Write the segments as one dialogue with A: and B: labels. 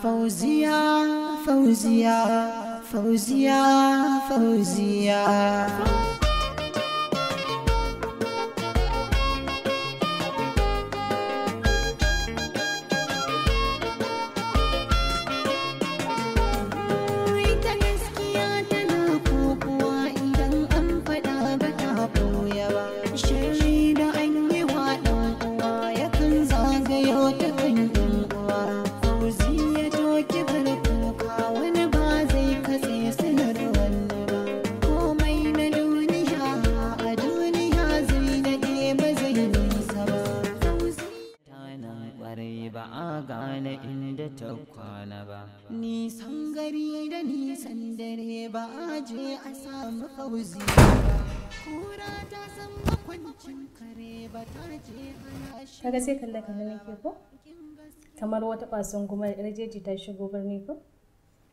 A: Fauzia, Fauzia, Fauzia, Fauzia. auzi kura
B: ta san makwancin kare ba ta je shi kaga sai kalla kalla nake ko kamar wata kwasan kuma rajeji ta shigo birni ko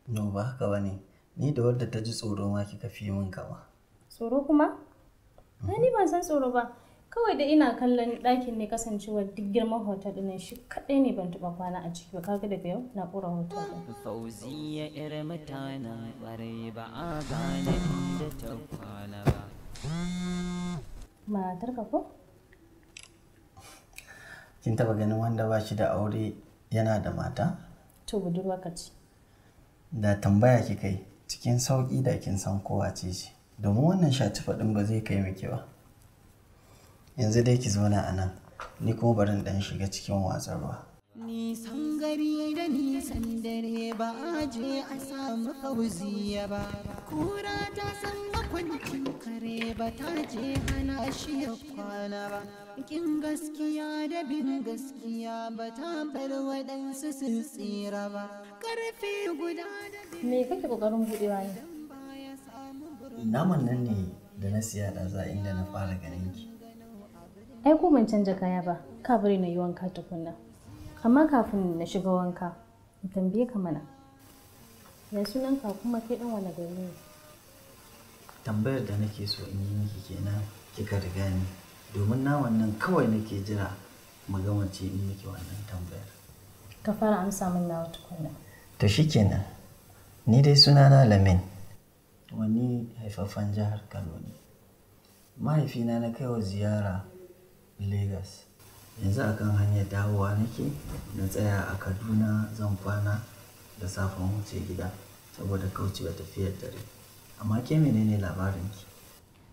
C: no ba haka bane ni da wadda ta ji tsoro ma kika fi min kama
B: tsoro kuma ni ban san tsoro ba kawai da ina kallon ɗakin ne kasancewa duk girman hotel ɗin shi kaɗai ne ban taɓa kwana a ciki ba kaga daga yau na ƙura hotel ɗin.
A: Fauziya ƴar mutane ɓare ba a gane inda ta kwana ba.
B: Matar ka ko?
C: Kin taɓa ganin wanda ba shi da aure yana da mata?
B: To budurwa ce.
C: Da tambaya ki kai cikin sauƙi da kin san kowa ce shi domin wannan shatifa ɗin ba zai kai miki ba. yanzu dai ki zauna a nan ni kuma barin dan shiga cikin wasan ruwa
A: nisan gari da nisan dare ba a je a samu fauziya ba kura ta san makwancin kare ba ta je hana shi ya kwana ba kin gaskiya da bin gaskiya ba ta bar waɗansu sun tsira ba karfe guda da me
B: kake kokarin budewa ne
C: naman nan ne da na siya da za inda na fara ganin ki
B: ai ko ban canja kaya ba ka bari na yi wanka tukunna amma kafin na shiga wanka in tambaye ka mana ya sunan ka kuma kai dan wani gari ne
C: tambayar da nake so in yi miki kenan kika riga ni domin na wannan kawai nake jira mu ga wace in miki wannan tambayar
B: ka fara amsa min na tukunna
C: to shikenan ni dai sunana Lamin wani haifafan jihar Kano ne mahaifina na wa ziyara Legas. Yanzu akan hanyar dawowa nake na tsaya a Kaduna zan kwana da safon wuce gida saboda kaucewa tafiyar dare. Amma ke menene labarin labarinki?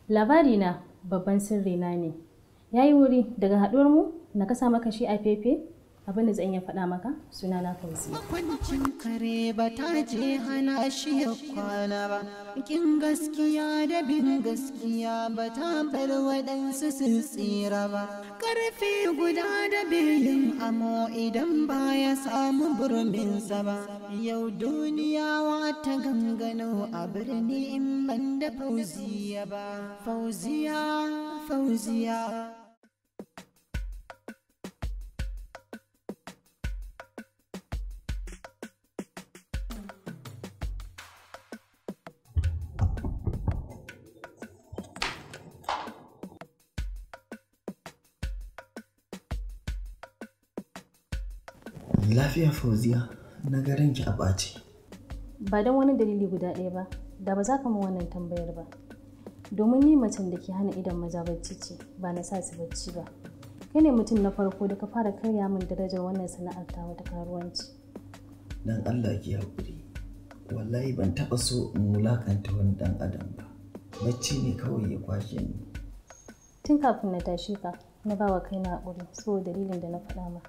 B: Labarina babban sirrina ne. yayi wuri daga haɗuwar mu na kasa maka shi a fefe abin da zan iya faɗa maka suna na fauzi
A: hukuncin kare ba ta je hana shi ya kwana ba kin gaskiya da bin gaskiya ba ta bar waɗansu sun tsira ba ƙarfi guda da belin amo idan ba ya samu burminsa ba yau duniya ta gangano a birni in ban da fauziya ba fauziya fauziya
C: Lafiya Fauziya, na garin ki a ɓace.
B: Ba don wani dalili guda ɗaya ba, da ba za ka min wannan tambayar ba. Domin ni macen da ke hana idan maza bacci ce, ba na sa su bacci ba. Kai ne mutum na farko da ka fara karya min darajar wannan sana'ar ta wata karuwanci.
C: Dan Allah ki haƙuri. Wallahi ban taɓa so in wulaƙanta wani dan adam ba. Bacci ne kawai ya kwashe ni.
B: Tun kafin na tashi ka, na bawa wa na haƙuri saboda dalilin da na faɗa ma.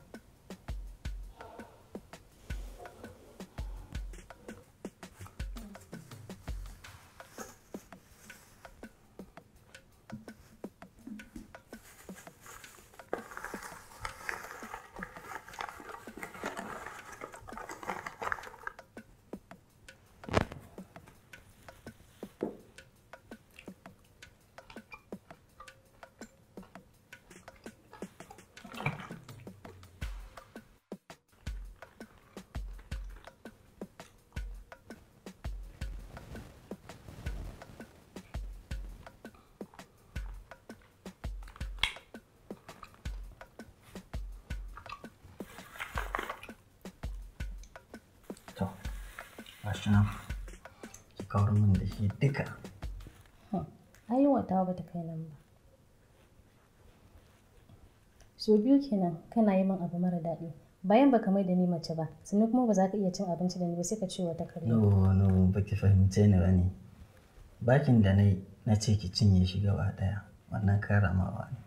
B: nan
C: ki kawar min da shi duka
B: hmm. ai wata ba ta kai nan ba so biyu kenan kana yi min abu mara daɗi bayan baka mai da ni mace ba sannan kuma ba za ka iya cin abinci da ni ba sai ka ce wata kare no no
C: ba ki fahimce ni bane bakin da nayi na ce ki cinye shi gaba daya wannan karamawa ne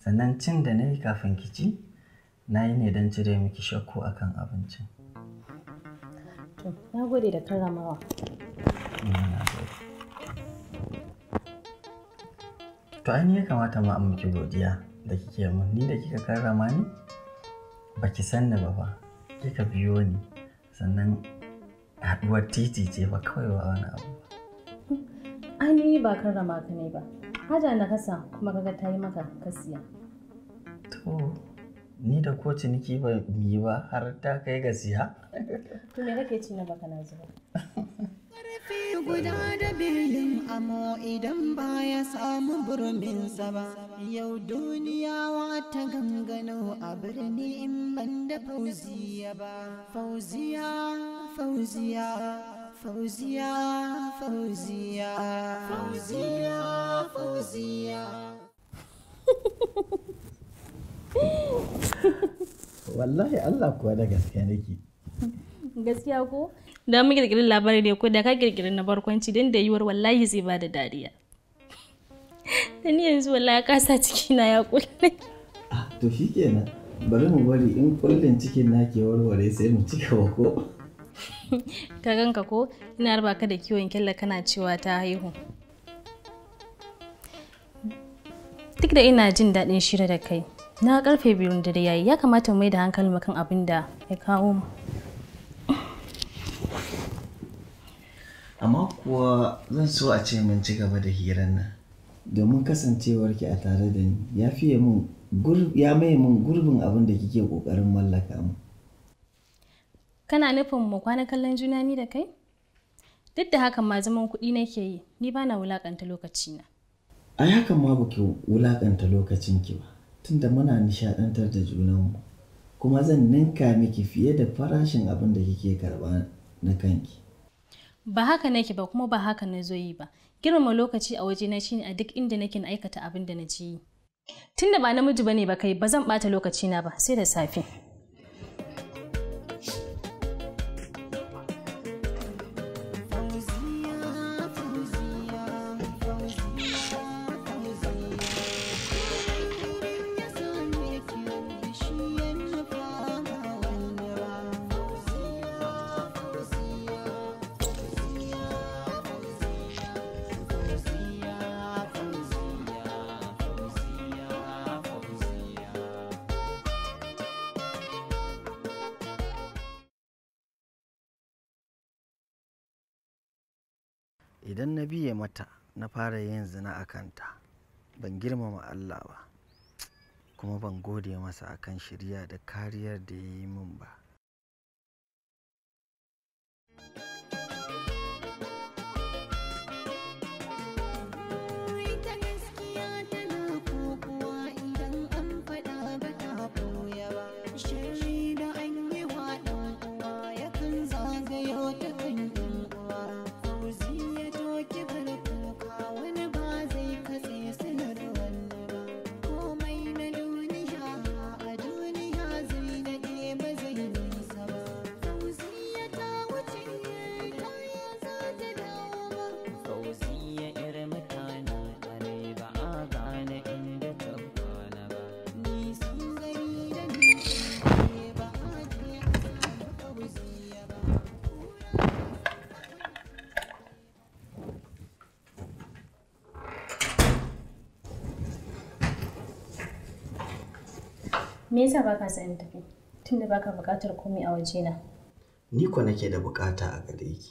C: sannan cin da nayi kafin ki ci na yi ne don cire miki shakku akan abincin
B: na gode da karramawa.
C: To an ya kamata mu miki godiya da kike mun ni da kika karrama ni baki san ni ba fa kika biyo ni sannan haduwar titi ce ba kawai ba wani abu
B: ba. ni ba karrama ka ne ba. Haja na kasa kuma kaga yi maka kasiya.
C: To ni da ko ciniki ba mu yi ba har ta kai ga siya.
B: To me kake baka na zuwa?
A: guda da belin amo idan ba samu ba, yau duniya ta gangano a birni in fauziya ba. Fauziya, fauziya, fauziya,
C: wallahi Allah kuwa da gaskiya nake
B: gaskiya ko da mu kirkirin labari ne ko da ka kirkirin na barkwanci don da yiwuwar wallahi zai ba da dariya da ni yanzu wallahi kasa ciki na ya kulle
C: ah to shikenan bari mu bari in kullin cikin na ke warware sai mu cika wa ko
B: ka ganka ko ina raba ka da kiwon kyalla kana cewa ta haihu duk da ina jin daɗin shirya da kai na karfe biyun da yayi ya kamata mu mai da hankali kan abin da ya kawo mu
C: amma kuwa zan so a ce mun ci gaba da hirar nan domin kasancewarki a tare da ni ya fiye mun ya mai mun gurbin abin da kike kokarin mallaka mu
B: kana nufin mu kwana kallon juna ni da kai duk da haka ma zaman kuɗi nake yi ni bana wulakanta lokacina
C: ai hakan ma baki wulakanta lokacin ki ba tunda muna nishaɗantar da junanmu kuma zan ninka miki fiye da farashin abin da kike karɓa na kanki.
B: Ba haka nake ba kuma ba haka na zo yi ba. Girmama lokaci a waje na shine a duk inda nake aikata abin da na ji. Tunda ba namiji bane ba kai ba zan bata lokaci na ba sai da safe.
C: idan na biye mata na fara yin zina a kanta ban girmama Allah ba kuma ban gode masa akan shirya da kariyar da ya yi min ba.
B: Me yasa baka sa in tafi? Tunda baka buƙatar komai a wajena.
C: Ni ko nake da buƙata a gare ki.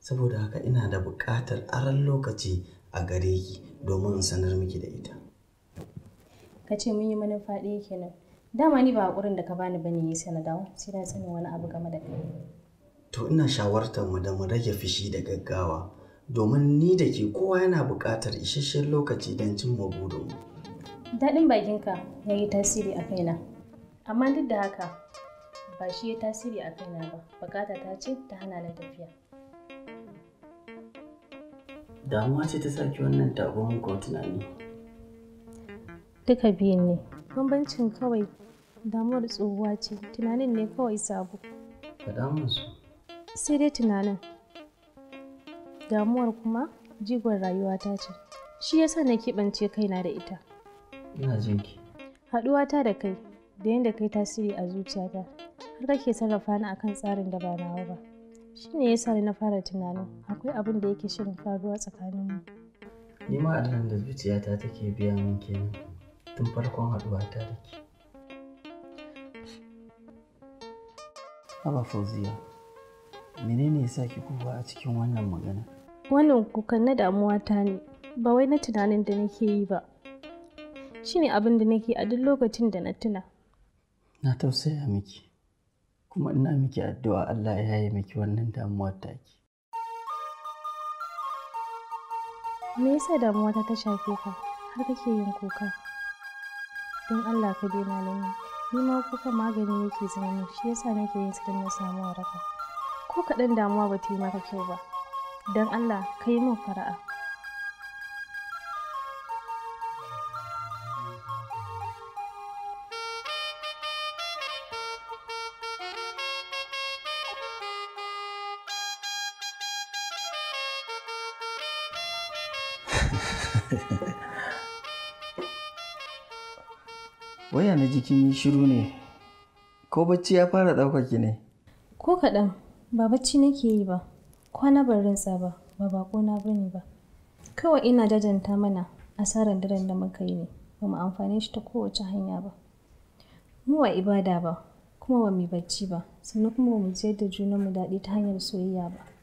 C: Saboda haka ina da buƙatar aran lokaci a gare ki domin in sanar miki da ita.
B: Ka ce mun yi manufa ɗaya kenan. Dama ni ba haƙurin da ka bani bane yi sai na dawo sai na sani wani abu game da kai.
C: To ina shawartar mu da mu rage fushi da gaggawa domin ni da ke kowa yana buƙatar isasshen lokaci don cimma burinmu.
B: daɗin bakinka ya yi tasiri a kaina amma duk da haka ba shi ya tasiri a kaina ba bukata ta ce ta hana na tafiya
C: damuwa ce ta saki wannan tabon ko tunani
B: duka biyun ne bambancin kawai damuwar tsohuwa ce tunanin ne kawai sabo damu su. sai dai tunanin damuwar kuma jigon rayuwata ce shi yasa na keɓance kaina da ita Ina jin Haɗuwata da kai da yadda kai tasiri a zuciyata har kake sarrafa ni akan tsarin da ba nawa ba. Shi ne yasa na fara tunanin akwai abin da yake shirin faruwa tsakanin mu.
C: Ni ma a da zuciyata take biya min kenan tun farkon haɗuwata da ke. Haba Fauziya, menene ya sa ki a cikin wannan magana?
B: Wannan kukan na damuwa ta ne, ba wai na tunanin da nake yi ba. shi ne abin da nake a duk mm-hmm. lokacin da na tuna
C: na tausaya miki kuma ina miki addu'a Allah ya yi miki wannan damuwar taki
B: me yasa damuwa ta ta shafe ka har kake yin kuka don Allah ka daina nan ni ma kuka magani yake zama ne shi yasa nake yin su don na samu waraka ko kaɗan damuwa ba ta yi maka kyau ba don Allah ka yi min fara'a
C: Waya na jikin yi shiru ne, ko bacci ya fara ɗaukaki ne?
B: Ko kaɗan, ba bacci nake yi ba, kwana ban rintsa ba, ba bakona ba ne ba. Kawai ina jajanta mana asarar daren da muka yi ne, ba mu amfane shi ta kowace hanya ba. Mu wa ibada ba, kuma ba mu bacci ba, sannan kuma ba mu jiyar da junanmu daɗi ta hanyar soyayya ba.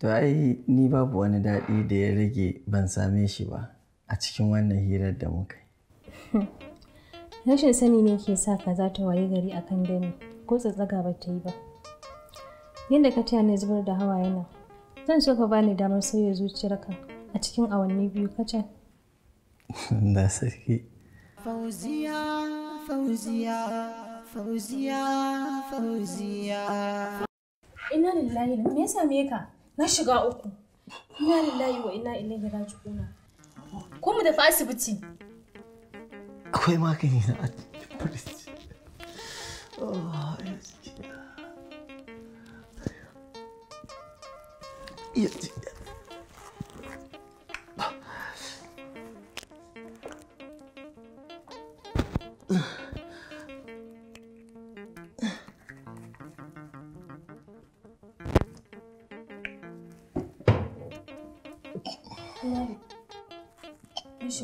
C: To ai ni babu wani daɗi da ya rage ban same shi ba a cikin wannan hirar da muka yi.
B: Rashin sani ne ke sa ka za ta waye gari a kan dani ko tsatsaga ba ta yi ba. Yadda ka taya ni zubar da hawa yana zan so ka bani damar sauya zuciyarka a cikin awanni biyu kacal.
C: Da sarki.
A: Fauziya, Fauziya,
B: Fauziya, Fauziya. Ina lillahi, me ya same ka? na shiga uku ina lillahi wa ina ilaihi raji'una ko mu tafi asibiti
C: akwai magani na asibiti oh,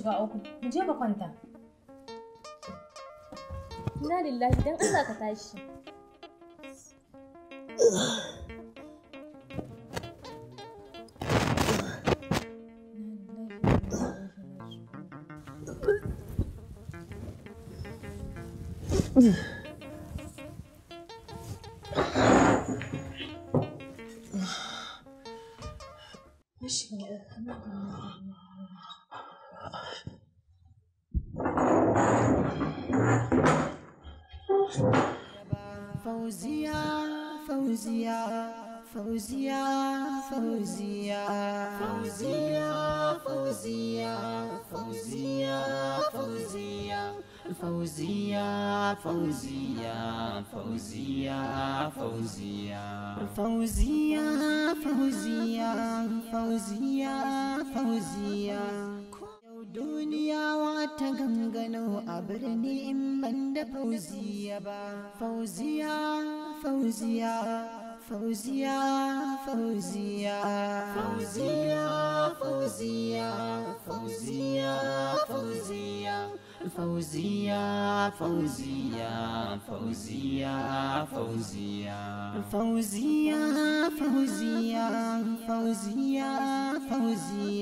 B: shiga uku mu je ba kwanta ina lillahi dan Allah ka tashi
C: Mm-hmm.
A: fauziya fauziya fauzia. fauziya fauziya fauziya fauziya fauziya fauziya fauziya fauziya fauziya fauziya fauziya fauziya Duniya wata gangano a birni in banda fauziya ba fauziya fauziya fauziya fauziya fauziya fauziya fauziya fauziya fauziya fauziya fauziya fauziya fauziya fauziya fauziya fauziya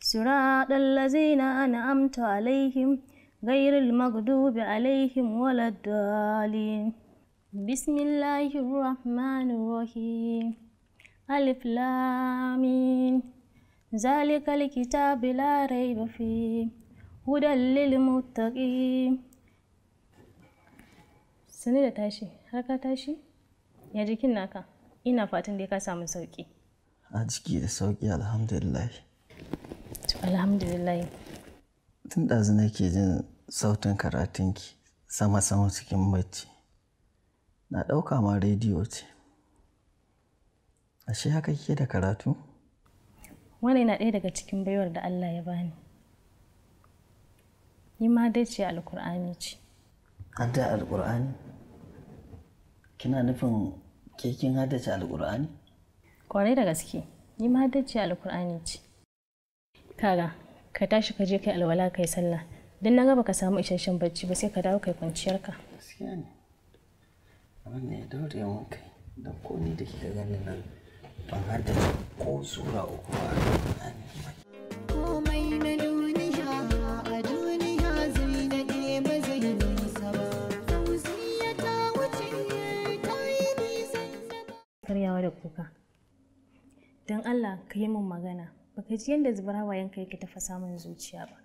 B: صراط الذين أنعمت عليهم غير المغضوب عليهم ولا الضالين بسم الله الرحمن الرحيم ألف لامين ذلك الكتاب لا ريب فيه هدى للمتقين sani da tashi har ka tashi ya jikin naka ina fatan dai ka samu sauki
C: a jiki da sauki alhamdulillah
B: Alhamdulillah.
C: Tun ɗazu nake jin sautin karatunki sama-sama cikin bacci. Na ɗauka ma rediyo ce. a shi haka kike da karatu?
B: Wani na ɗaya daga cikin baiwar da Allah ya bani. Ni ma dai ce alkur'ani ce.
C: Hadda alkur'ani? Kina nufin ke kin ce alkur'ani?
B: Kwarai da gaske, ni ma ce alkur'ani ce. kaga ka tashi ka je kai alwala kai sallah dan na gaba ka samu isasshen bacci ba sai ka dawo kai kwanciyar ka gaskiya
C: ne da dole kai da ko da kika ganin nan ban har da ko sura uku ba
A: na duniya a duniya
B: karyawa da kuka don Allah ka yi mun magana baka ji yadda zubara hawayen ka yake tafasa samun zuciya ba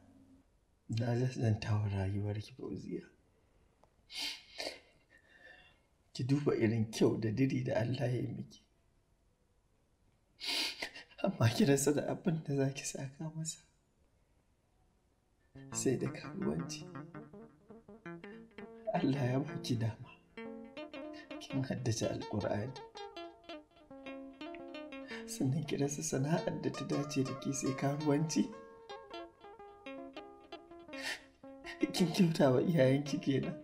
C: na zazzanta wa rayuwar ki fauziya ki duba irin kyau da diri da Allah ya yi miki amma ki rasa da abin da za ki saka masa sai da karuwanci Allah ya baki dama kin haddace alkur'ani sannan ki rasa sana'ar da ta dace da ke sai karuwanci kin kyauta wa iyayenki kenan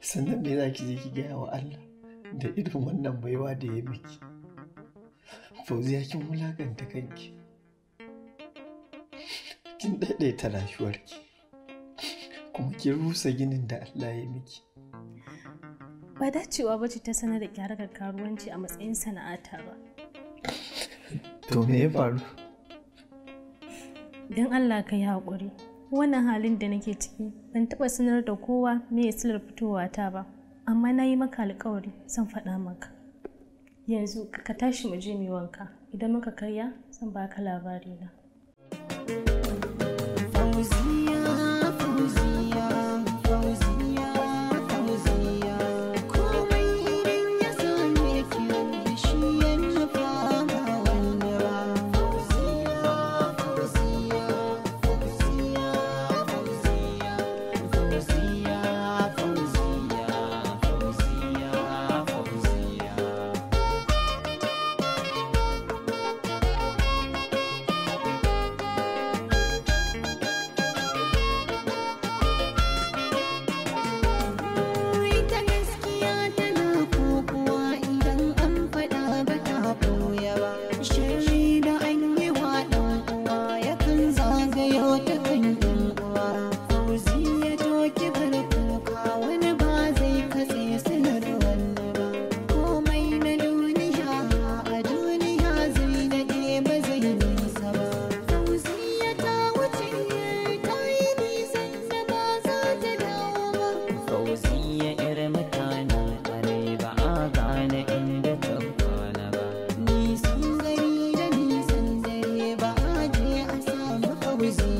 C: sannan me za ki je ki gaya wa Allah da irin wannan baiwa da ya miki fauziya kin wulakanta kanki kin daidaita rayuwarki kuma kin rusa ginin da Allah ya miki
B: ba dacewa ba ce ta sanar da gyarar karuwanci a matsayin sana'ata ba
C: to me ya faru
B: don allah ka yi haƙuri wannan halin da nake ciki ban taɓa sanar da kowa me ya silar fitowa ta ba amma na yi maka alƙawari zan faɗa maka yanzu ka tashi mu je mu wanka idan muka karya zan baka labari na Fauziya
A: always